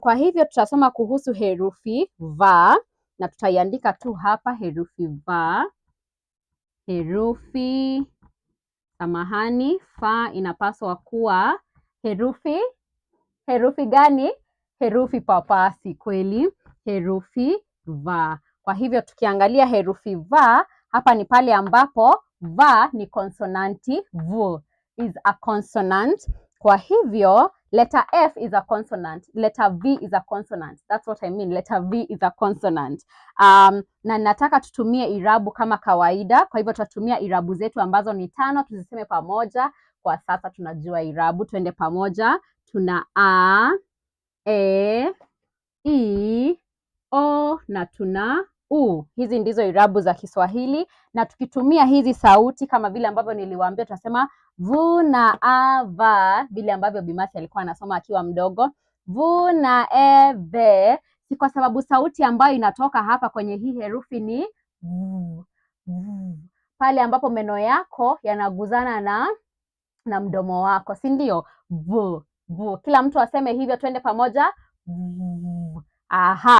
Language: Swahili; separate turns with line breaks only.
Kwa hivyo tutasoma kuhusu herufi va na tutaiandika tu hapa herufi va. Herufi samahani, fa inapaswa kuwa herufi herufi gani? Herufi papasi, kweli, herufi va. Kwa hivyo tukiangalia herufi va hapa ni pale ambapo va ni konsonanti, v is a consonant. Kwa hivyo Letter F is a consonant. Letter V is a consonant. That's what I mean. Letter V is a consonant. Um, na nataka tutumie irabu kama kawaida. Kwa hivyo tutatumia irabu zetu ambazo ni tano, tuziseme pamoja. Kwa sasa tunajua irabu, twende pamoja. Tuna a, e, i, o na tuna u. Hizi ndizo irabu za Kiswahili, na tukitumia hizi sauti kama vile ambavyo niliwaambia, tunasema vu na a va, vile ambavyo Bimasi alikuwa anasoma akiwa mdogo, vu na e ve, si kwa sababu sauti ambayo inatoka hapa kwenye hii herufi ni pale ambapo meno yako yanaguzana na na mdomo wako, si ndio? Vu, vu. Kila mtu aseme hivyo, twende pamoja Aha.